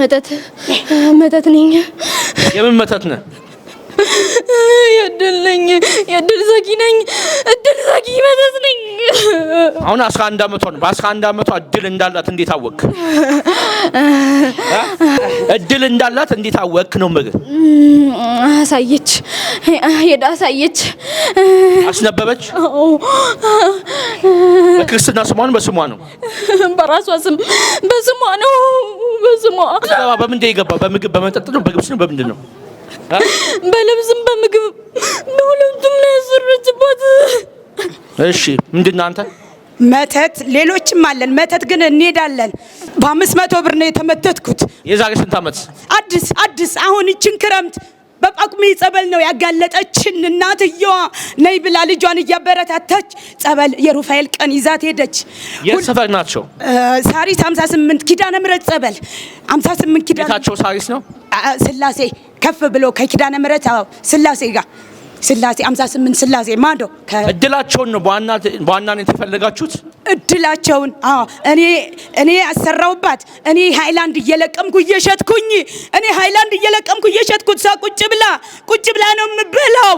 መተት መተት ነኝ። የምን መተት ነህ? የእድል ነኝ። የእድል ዘጊ ነኝ። እድል ዘጊ መተት ነኝ። አሁን 11 ዓመቷ ነው። በ11 ዓመቷ እድል እንዳላት እንዴት አወቅ? እድል እንዳላት እንዴት አወቅ ነው ምግብ አሳየች። ሄዳ አሳየች። አስነበበች። በክርስትና ስሟን በስሟ ነው። በራሷ ስም በስሟ ነው ስማ፣ አዲስ በምንድን የገባ በምግብ በመጠጥ ነው በልብስ ነው በምንድን ነው? በልብስም በምግብ በሁለቱም ነው ያሰረችባት። እሺ ምንድን ነው አንተ መተት፣ ሌሎችም አለን መተት ግን እንሄዳለን። በአምስት መቶ ብር ነው የተመተትኩት። የዛሬ ስንት ዓመት? አዲስ አዲስ አሁን ይችን ክረምት በጳጉሜ ጸበል ነው ያጋለጠችን። እናትየዋ ነይ ብላ ልጇን እያበረታታች ጸበል የሩፋኤል ቀን ይዛት ሄደች። የሰፈር ናቸው ሳሪስ 58 ኪዳነ ምሕረት ጸበል 58 ኪዳነ ጌታቸው ሳሪስ ነው ስላሴ ከፍ ብሎ ከኪዳነ ምሕረት ስላሴ ጋር ስላሴ 58 ስላሴ ማዶ እድላቸውን ነው በዋናነት የፈለጋችሁት? እድላቸውን እኔ እኔ ያሰራውባት እኔ ሃይላንድ እየለቀምኩ እየሸጥኩኝ እኔ ሃይላንድ እየለቀምኩ እየሸጥኩት እሷ ቁጭ ብላ ቁጭ ብላ ነው የምብላው።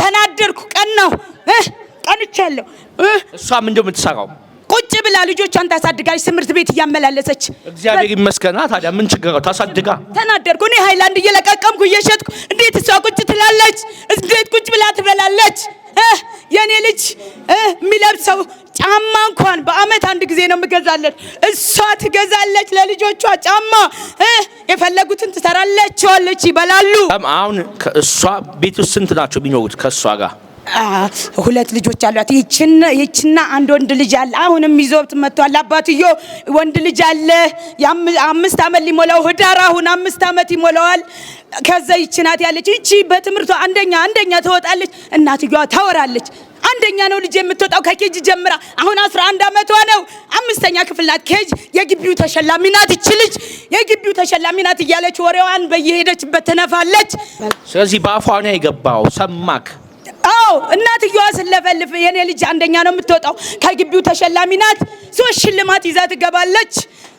ተናደርኩ፣ ቀናሁ፣ ቀንቻለሁ። እሷ ምንድን የምትሰራው? ብላ ልጆቿን ታሳድጋለች፣ ትምህርት ቤት እያመላለሰች። እግዚአብሔር ይመስገና። ታዲያ ምን ችግር ታሳድጋ። ተናደድኩ እኔ። ሃይላንድ እየለቀቀምኩ እየሸጥኩ፣ እንዴት እሷ ቁጭ ትላለች? እንዴት ቁጭ ብላ ትበላለች? የእኔ ልጅ የሚለብሰው ጫማ እንኳን በአመት አንድ ጊዜ ነው የምገዛለት። እሷ ትገዛለች ለልጆቿ ጫማ፣ የፈለጉትን ትሰራላቸዋለች፣ ይበላሉ። አሁን ከእሷ ቤት ውስጥ ስንት ናቸው የሚኖሩት ከእሷ ጋር? ሁለት ልጆች አሏት። ይችና አንድ ወንድ ልጅ አለ። አሁንም ይዞት መጥቷል። አባትዮ ወንድ ልጅ አለ። አምስት ዓመት ሊሞላው ህዳር አሁን አምስት ዓመት ይሞላዋል። ከዛ ይችናት ያለች ይቺ በትምህርቷ አንደኛ አንደኛ ትወጣለች። እናትዮዋ ታወራለች። አንደኛ ነው ልጅ የምትወጣው ከኬጅ ጀምራ። አሁን 11 አመቷ ነው። አምስተኛ ክፍል ናት። ኬጅ የግቢው ተሸላሚ ናት። እቺ ልጅ የግቢው ተሸላሚ ናት እያለች ወሬዋን በየሄደችበት ትነፋለች። ስለዚህ በአፏ ነው የገባው። ሰማክ? አዎ። እናትየዋ ስለፈልፍ የኔ ልጅ አንደኛ ነው የምትወጣው ከግቢው ተሸላሚ ናት። ሶስት ሽልማት ይዛ ትገባለች።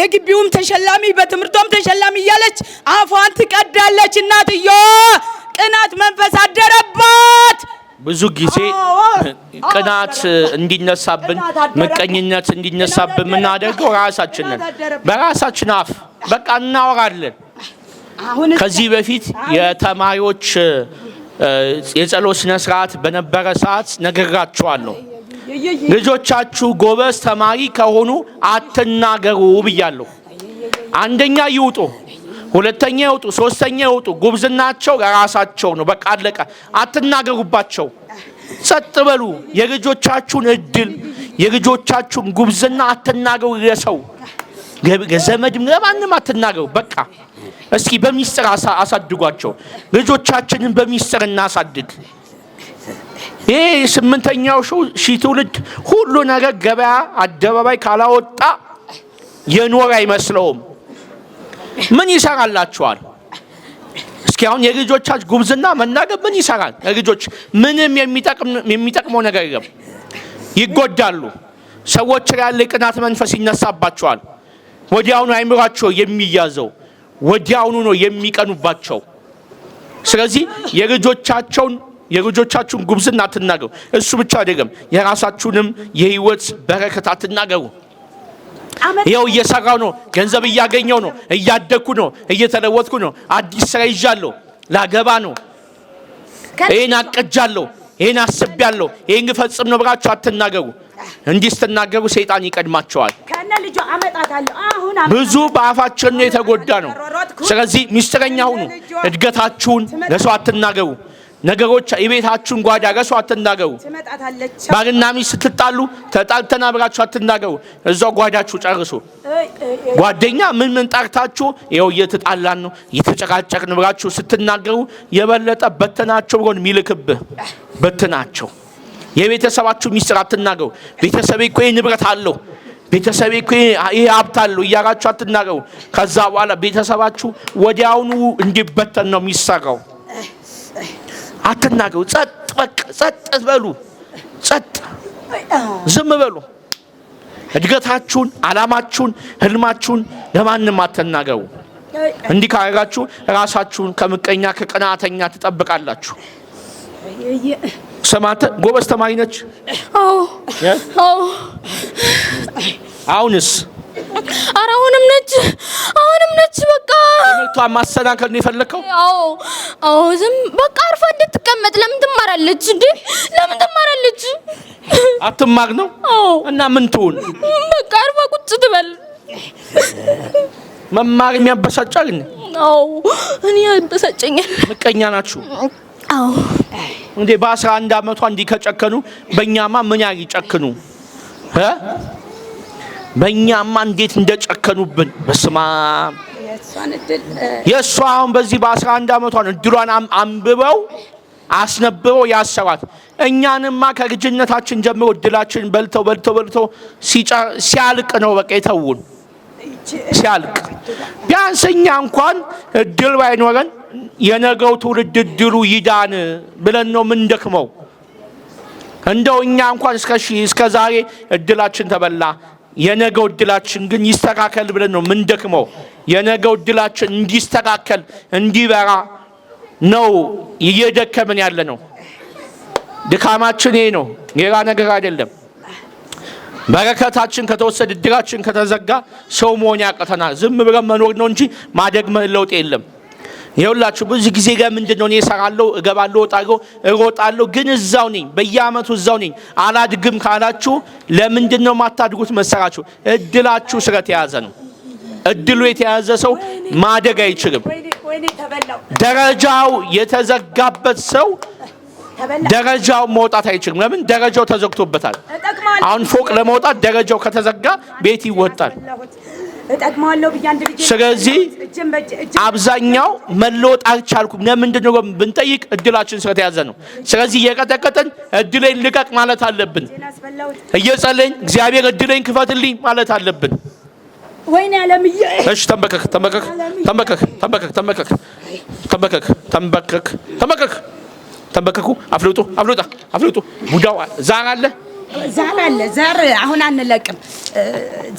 የግቢውም ተሸላሚ በትምህርቷም ተሸላሚ እያለች አፏን ትቀዳለች። እናትየዋ ቅናት መንፈስ አደረባት። ብዙ ጊዜ ቅናት እንዲነሳብን ምቀኝነት እንዲነሳብን የምናደርገው ራሳችንን በራሳችን አፍ በቃ እናወራለን። ከዚህ በፊት የተማሪዎች የጸሎት ስነ ስርዓት በነበረ ሰዓት ነግራችኋለሁ። ልጆቻችሁ ጎበዝ ተማሪ ከሆኑ አትናገሩ ብያለሁ። አንደኛ ይውጡ ሁለተኛ ይወጡ፣ ሶስተኛ ይወጡ። ጉብዝናቸው ራሳቸው ነው። በቃ አለቀ። አትናገሩባቸው፣ ጸጥ በሉ። የልጆቻችሁን እድል የልጆቻችሁን ጉብዝና አትናገሩ። ለሰው ዘመድም ለማንም አትናገሩ። በቃ እስኪ በሚስጥር አሳድጓቸው። ልጆቻችንን በሚስጥር እናሳድግ። ይህ ስምንተኛው ሺህ ትውልድ ሁሉ ነገር ገበያ አደባባይ ካላወጣ የኖር አይመስለውም። ምን ይሰራላችኋል? እስኪ አሁን ጉብዝና መናገር ምን ይሰራል? ለልጆች ምንም የሚጠቅመው ነገር የለም። ይጎዳሉ። ሰዎች ላይ ያለ ቅናት መንፈስ ይነሳባቸዋል። ወዲያውኑ አይምሯቸው የሚያዘው ወዲያውኑ ነው የሚቀኑባቸው። ስለዚህ የልጆቻቸውን የልጆቻችሁን ጉብዝና አትናገሩ። እሱ ብቻ አይደለም፣ የራሳችሁንም የህይወት በረከት አትናገሩ። ይኸው እየሰራው ነው፣ ገንዘብ እያገኘው ነው፣ እያደግኩ ነው፣ እየተለወጥኩ ነው፣ አዲስ ስራ ይዣለሁ፣ ላገባ ነው፣ ይህን አቅጃለሁ፣ ይህን አስቤያለሁ፣ ይህን ፈጽም ነው ብላችሁ አትናገሩ። እንዲህ ስትናገሩ ሰይጣን ይቀድማቸዋል። ብዙ በአፋችን የተጎዳ ነው። ስለዚህ ሚስጥረኛ ሁኑ። እድገታችሁን ለሰው አትናገሩ። ነገሮች የቤታችሁን ጓዳ ረሱ አትናገሩ። ባልና ሚስት ስትጣሉ ተጣልተና ብራችሁ አትናገሩ። እዛው ጓዳችሁ ጨርሱ። ጓደኛ ምን ምን ጠርታችሁ ይኸው እየተጣላን ነው እየተጨቃጨቅን ብራችሁ ስትናገሩ የበለጠ በትናቸው ብሎን የሚልክብህ በትናቸው። የቤተሰባችሁ ሚስጥር አትናገሩ። ቤተሰቤ እኮ ንብረት አለው ቤተሰቤ እኮ ይሄ ሀብት አለው እያራችሁ አትናገሩ። ከዛ በኋላ ቤተሰባችሁ ወዲያውኑ እንዲበተን ነው የሚሰራው። አትናገሩ። ጸጥ በቃ ጸጥ በሉ፣ ጸጥ ዝም በሉ። እድገታችሁን፣ አላማችሁን፣ ህልማችሁን ለማንም አትናገሩ። እንዲህ ካረጋችሁ ራሳችሁን ከምቀኛ ከቀናተኛ ትጠብቃላችሁ። ሰማተ ጎበዝ ተማሪ ነች። አሁንስ ኧረ አሁንም ነች፣ አሁንም ነች። በቃ ትምህርቷን ማሰናከል ነው የፈለግከው? አዎ፣ አዎ። ዝም በቃ አርፋ እንድትቀመጥ። ለምን ትማራለች እንዴ? ለምን ትማራለች? አትማር ነው? አዎ። እና ምን ትሁን? በቃ አርፋ ቁጭ ትበል። መማር የሚያበሳጫል። አዎ፣ እኔ ያበሳጨኛል። ምቀኛ ናችሁ። አዎ። እንዴ በአስራ አንድ አመቷ እንዲህ ከጨከኑ በእኛማ ምን ያህል ይጨክኑ? በእኛማ እንዴት እንደጨከኑብን በስማ የእሷ አሁን በዚህ በአስራ አንድ ዓመቷ ነው እድሏን አንብበው አስነብበው ያሰራት። እኛንማ ከልጅነታችን ጀምሮ እድላችን በልተው በልተው በልተው ሲያልቅ ነው በቃ የተውን ሲያልቅ። ቢያንስ እኛ እንኳን እድል ባይኖረን የነገው ትውልድ እድሉ ይዳን ብለን ነው ምንደክመው። እንደው እኛ እንኳን እስከ ዛሬ እድላችን ተበላ የነገው እድላችን ግን ይስተካከል ብለን ነው ምንደክመው። የነገው እድላችን እንዲስተካከል እንዲበራ ነው እየደከምን ያለ ነው። ድካማችን ይሄ ነው፣ ሌላ ነገር አይደለም። በረከታችን ከተወሰደ፣ እድላችን ከተዘጋ ሰው መሆን ያቅተናል። ዝም ብለን መኖር ነው እንጂ ማደግ መለውጥ የለም። የሁላችሁ ብዙ ጊዜ ጋር ምንድን ነው እኔ እሰራለሁ፣ እገባለሁ፣ እወጣለሁ፣ እሮጣለሁ ግን እዛው ነኝ፣ በየአመቱ እዛው ነኝ፣ አላድግም ካላችሁ ለምንድን ነው ማታድጉት መሰራችሁ? እድላችሁ ስለተያዘ ነው። እድሉ የተያዘ ሰው ማደግ አይችልም። ደረጃው የተዘጋበት ሰው ደረጃው መውጣት አይችልም። ለምን? ደረጃው ተዘግቶበታል። አሁን ፎቅ ለመውጣት ደረጃው ከተዘጋ ቤት ይወጣል። ስለዚህ አብዛኛው መለወጥ አልቻልኩም ለምንድን ነው ብንጠይቅ እድላችን ስለተያዘ ነው። ስለዚህ እየቀጠቀጠን እድለኝ ልቀቅ ማለት አለብን። እየጸለኝ እግዚአብሔር እድለኝ ክፈትልኝ ማለት አለብን። እሺ ተንበከክ ተንበከክ ተንበከክ ተንበከክ ተንበከክ ተንበከክ ተንበከክ ተንበከክ ተንበከኩ። አፍልጡ አፍልጣ አፍልጡ። ቡዳው ዛር አለ ዛር አለ ዛር አሁን አንለቅም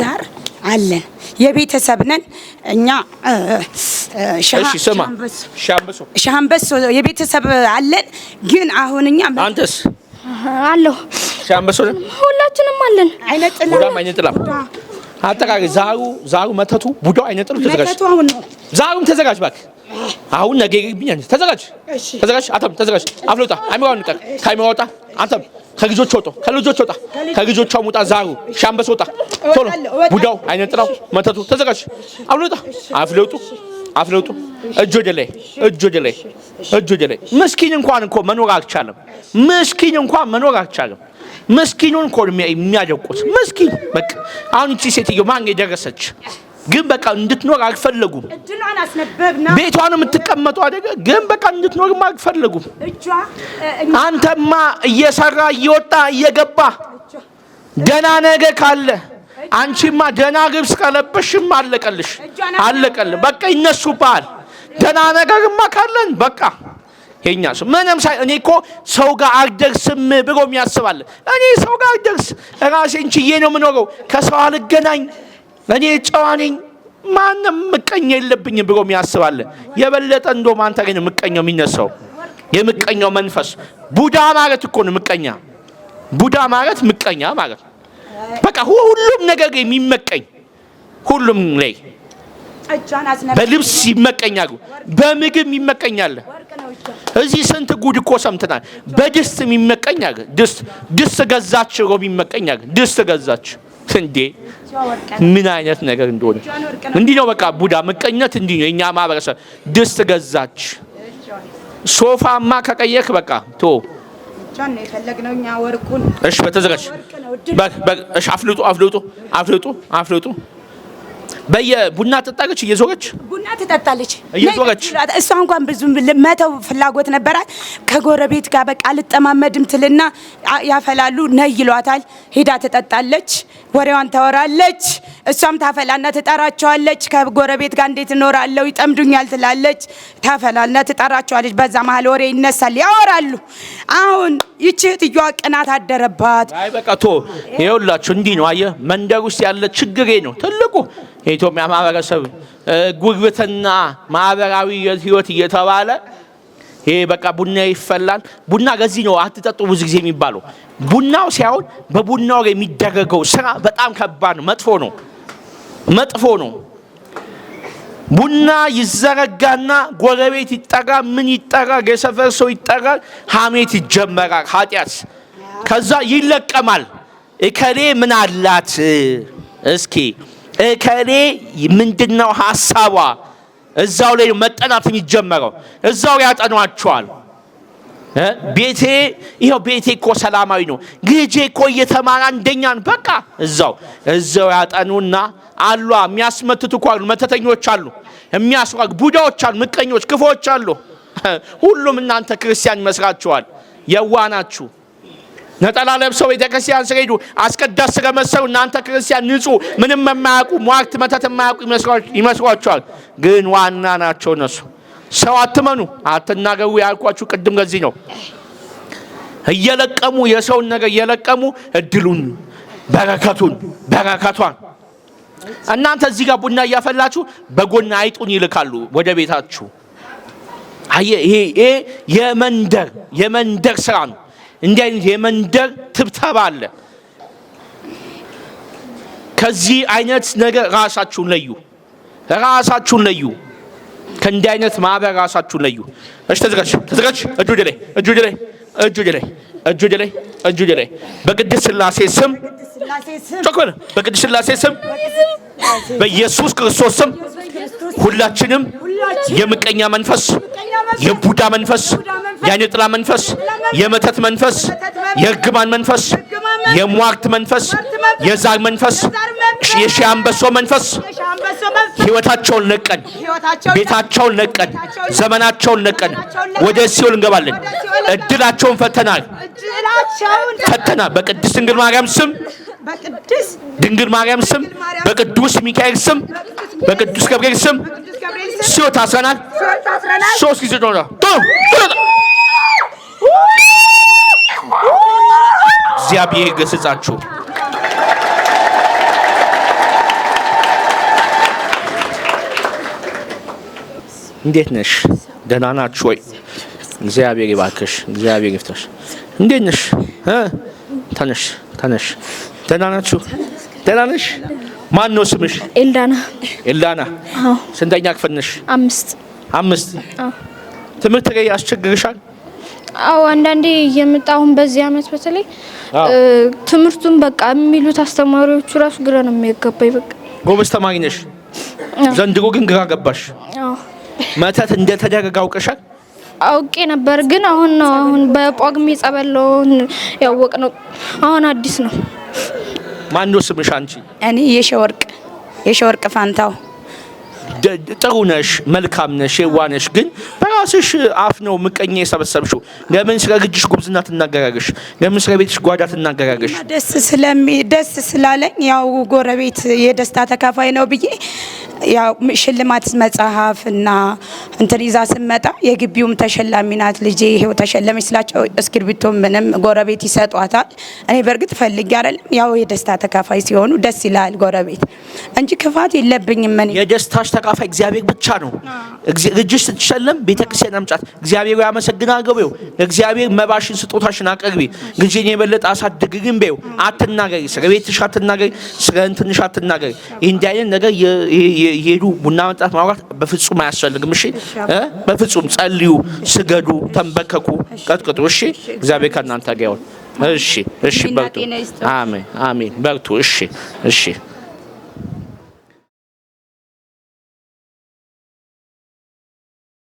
ዛር አለ የቤተሰብ ነን እኛ። ሻምበሶ የቤተሰብ አለን። ግን አሁን እኛ አንተስ አለሁ ሻምበሶ ሁላችንም አለን አይነት አይነጥላም አጠቃቂ ዛሩ ዛሩ መተቱ ቡዶ አይነ ጥሩ ተዘጋጅ። ዛሩም ተዘጋጅ ባክ። አሁን ነገ ይግብኛል። ተዘጋጅ ተዘጋጅ። አተም ተዘጋጅ። አፍሎጣ አይምራውን ንቀር ካይምራ ወጣ። አንተም ከልጆች ወጣ ከልጆች ወጣ ከልጆቿ ሙጣ። ዛሩ ሻምበስ ወጣ። ቶሎ ቡዳው አይነ ጥራው መተቱ ተዘጋጅ። አፍሎጣ አፍሎጡ አፍለውጡ እጅ ወደ ላይ እጅ ወደ ላይ እጅ ወደ ላይ። ምስኪን እንኳን እኮ መኖር አልቻለም። ምስኪን እንኳን መኖር አልቻለም። ምስኪኑን እኮ የሚያደቁት ምስኪን። በቃ አሁን እቺ ሴትዮ ማን የደረሰች ግን በቃ እንድትኖር አልፈለጉም። ቤቷ ነው የምትቀመጡ አደገ ግን በቃ እንድትኖርማ አልፈለጉም። አንተማ እየሰራ እየወጣ እየገባ ደና ነገ ካለ አንቺማ ደና ግብስ ከለበሽም አለቀልሽ፣ አለቀልህ። በቃ ይነሱብሃል። ደና ነገርማ ካለን በቃ የኛ ሰው ምንም ሳይ እኔ እኮ ሰው ጋር አልደርስም ብሎ የሚያስባለ እኔ ሰው ጋር አልደርስ ራሴን ችዬ ነው የምኖረው፣ ከሰው አልገናኝ፣ እኔ ጨዋ ነኝ፣ ማንም ምቀኛ የለብኝም ብሎ የሚያስባለ የበለጠ እንዶ ማንተ ላይ ነው ምቀኛው የሚነሳው። የምቀኛው መንፈስ ቡዳ ማለት እኮ ነው ምቀኛ። ቡዳ ማለት ምቀኛ ማለት በቃ ሁሉም ነገር የሚመቀኝ ሁሉም ላይ በልብስ ይመቀኛሉ፣ በምግብ ይመቀኛል። እዚህ ስንት ጉድ እኮ ሰምተናል። በድስት የሚመቀኝ አገ ድስት ድስት ገዛች፣ ሮብ የሚመቀኝ አገ ድስት ገዛች። እንዴ ምን አይነት ነገር እንደሆነ እንዲህ ነው። በቃ ቡዳ ምቀኝነት እንዲህ ነው የእኛ ማህበረሰብ። ድስት ገዛች፣ ሶፋማ ከቀየክ በቃ ቶ እሺ፣ በተዘጋጅ እሺ፣ አፍልጡ፣ አፍልጡ፣ አፍልጡ፣ አፍልጡ በየቡና ትጠጣለች፣ እየዞረች ቡና ትጠጣለች፣ እየዞረች እሷ እንኳን ብዙ መተው ፍላጎት ነበራት። ከጎረቤት ጋር በቃ አልጠማመድም ትልና ያፈላሉ፣ ነይ ይሏታል፣ ሄዳ ትጠጣለች፣ ወሬዋን ታወራለች። እሷም ታፈላና ትጠራቸዋለች። ከጎረቤት ጋር እንዴት እኖራለሁ ይጠምዱኛል ትላለች። ታፈላና ትጠራቸዋለች። በዛ መሀል ወሬ ይነሳል፣ ያወራሉ። አሁን ይቺ እህትዮዋ ቅናት አደረባት። አይ በቃ ቶ ይኸውላችሁ እንዲህ ነው። አየ መንደር ውስጥ ያለ ችግሬ ነው ትልቁ የኢትዮጵያ ማህበረሰብ ጉርብትና፣ ማህበራዊ ህይወት እየተባለ ይሄ በቃ ቡና ይፈላል። ቡና ገዚህ ነው አትጠጡ ብዙ ጊዜ የሚባለው ቡናው ሳይሆን በቡናው የሚደረገው ስራ በጣም ከባድ ነው፣ መጥፎ ነው። መጥፎ ነው። ቡና ይዘረጋና ጎረቤት ይጠራ፣ ምን ይጠራ፣ የሰፈር ሰው ይጠራል። ሀሜት ይጀመራል፣ ኃጢአት ከዛ ይለቀማል። እከሌ ምን አላት እስኪ እከሌ ምንድነው ሀሳቧ? እዛው ላይ መጠናት የሚጀመረው እዛው ያጠኗቸዋል። ቤቴ ይኸው ቤቴ እኮ ሰላማዊ ነው፣ ግጄ እኮ እየተማረ አንደኛ ነው። በቃ እዛው እዛው ያጠኑና አሏ የሚያስመትቱ እኮ አሉ፣ መተተኞች አሉ፣ የሚያስዋግ ቡዳዎች አሉ፣ ምቀኞች፣ ክፎች አሉ። ሁሉም እናንተ ክርስቲያን ይመስላችኋል። የዋ ናችሁ። ነጠላ ለብሰው ቤተ ክርስቲያን ስሄዱ አስቀዳስ ስለመሰሉ እናንተ ክርስቲያን ንጹሕ ምንም የማያውቁ ሟርት መተት የማያውቁ ይመስሏችኋል። ግን ዋና ናቸው እነሱ ሰው አትመኑ፣ አትናገሩ ያልኳችሁ ቅድም ከዚህ ነው። እየለቀሙ የሰውን ነገር እየለቀሙ እድሉን፣ በረከቱን፣ በረከቷን እናንተ እዚህ ጋር ቡና እያፈላችሁ በጎን አይጡን ይልካሉ ወደ ቤታችሁ። ይሄ የመንደር የመንደር ስራ ነው። እንዲህ አይነት የመንደር ትብተባ አለ። ከዚህ አይነት ነገር ራሳችሁን ለዩ፣ ራሳችሁን ለዩ። ከእንዲህ አይነት ማህበር ራሳችሁ ለዩ። እሺ፣ ተዘጋጅ ተዘጋጅ። እጁ ወደ ላይ፣ እጁ ወደ ላይ፣ እጁ ወደ ላይ፣ እጁ ወደ ላይ፣ እጁ ወደ ላይ። በቅድስት ሥላሴ ስም ጮክ በል። በቅድስት ሥላሴ ስም በኢየሱስ ክርስቶስ ስም ሁላችንም የምቀኛ መንፈስ፣ የቡዳ መንፈስ፣ የአይነጥላ መንፈስ፣ የመተት መንፈስ፣ የእርግማን መንፈስ፣ የሟርት መንፈስ፣ የዛር መንፈስ፣ የሺህ አንበሶ መንፈስ ህይወታቸውን ነቀን፣ ቤታቸውን ነቀን፣ ዘመናቸውን ነቀን። ወደ ሲኦል እንገባለን። እድላቸውን ፈተናል፣ ፈተና በቅድስት ድንግል ማርያም ስም ድንግል ማርያም ስም በቅዱስ ሚካኤል ስም በቅዱስ ገብርኤል ስም ሲወ ታስረናል። ሶስት ጊዜ ዶላ እግዚአብሔር ገስጻችሁ። እንዴት ነሽ? ደህና ናችሁ ወይ? እግዚአብሔር ይባርክሽ። እግዚአብሔር ይፍታሽ። እንዴት ነሽ? ተነሽ ተነሽ ደህና ናችሁ? ደህና ነሽ? ማን ነው ስምሽ? ኤልዳና። ኤልዳና፣ ስንተኛ ክፍል ነሽ? አምስት አምስት። ትምህርት ላይ ያስቸግርሻል? አዎ አንዳንዴ የምጣሁን በዚህ አመት በተለይ ትምህርቱን በቃ የሚሉት አስተማሪዎቹ ራሱ ግራ ነው የሚያገባኝ። በቃ ጎበዝ ተማሪ ነሽ፣ ዘንድሮ ግን ግራ ገባሽ። መተት እንደተደረገ አውቀሻል? አውቄ ነበር ግን አሁን ነው አሁን በጳጉሜ ጸበል ያወቅ ነው። አሁን አዲስ ነው። ማን ነው ስምሽ አንቺ? እኔ የሸወርቅ የሸወርቅ ፋንታው። ጥሩ ነሽ፣ መልካም ነሽ፣ የዋነሽ ግን በራስሽ አፍ ነው ምቀኛ የሰበሰብሽው። ለምን ስለ ልጅሽ ጉብዝና ትናገራለሽ? ለምን ስለ ቤትሽ ጓዳ ትናገራለሽ? ደስ ስላለኝ ያው ጎረቤት የደስታ ተካፋይ ነው ብዬ ሽልማት መጽሐፍ እና እንትን ይዛ ስመጣ የግቢውም ተሸላሚ ናት ልጄ ይሄው ተሸለመች ስላቸው እስክርቢቶ ምንም ጎረቤት ይሰጧታል። እኔ በእርግጥ ፈልጌ አይደለም፣ ያው የደስታ ተካፋይ ሲሆኑ ደስ ይላል ጎረቤት እንጂ ክፋት የለብኝም። እኔ የደስታሽ ተካፋይ እግዚአብሔር ብቻ ነው። ልጅሽ ስትሸለም ቤተክርስቲያን አምጫት። እግዚአብሔር ያመሰግና ገበው እግዚአብሔር መባሽን ስጦታሽን አቅርቢ። ግን የበለጠ አሳድግ። ግን በው አትናገሪ፣ ስለ ቤትሽ አትናገሪ፣ ስለ እንትንሽ አትናገሪ። ይህ እንዲህ አይነት ነገር እየሄዱ ቡና መጣት ማውራት በፍጹም አያስፈልግም። እሺ፣ በፍጹም ጸልዩ፣ ስገዱ፣ ተንበከኩ፣ ቀጥቅጡ። እሺ፣ እግዚአብሔር ከእናንተ ጋር ይሁን። እሺ፣ እሺ፣ በርቱ። አሜን፣ አሜን፣ በርቱ። እሺ፣ እሺ።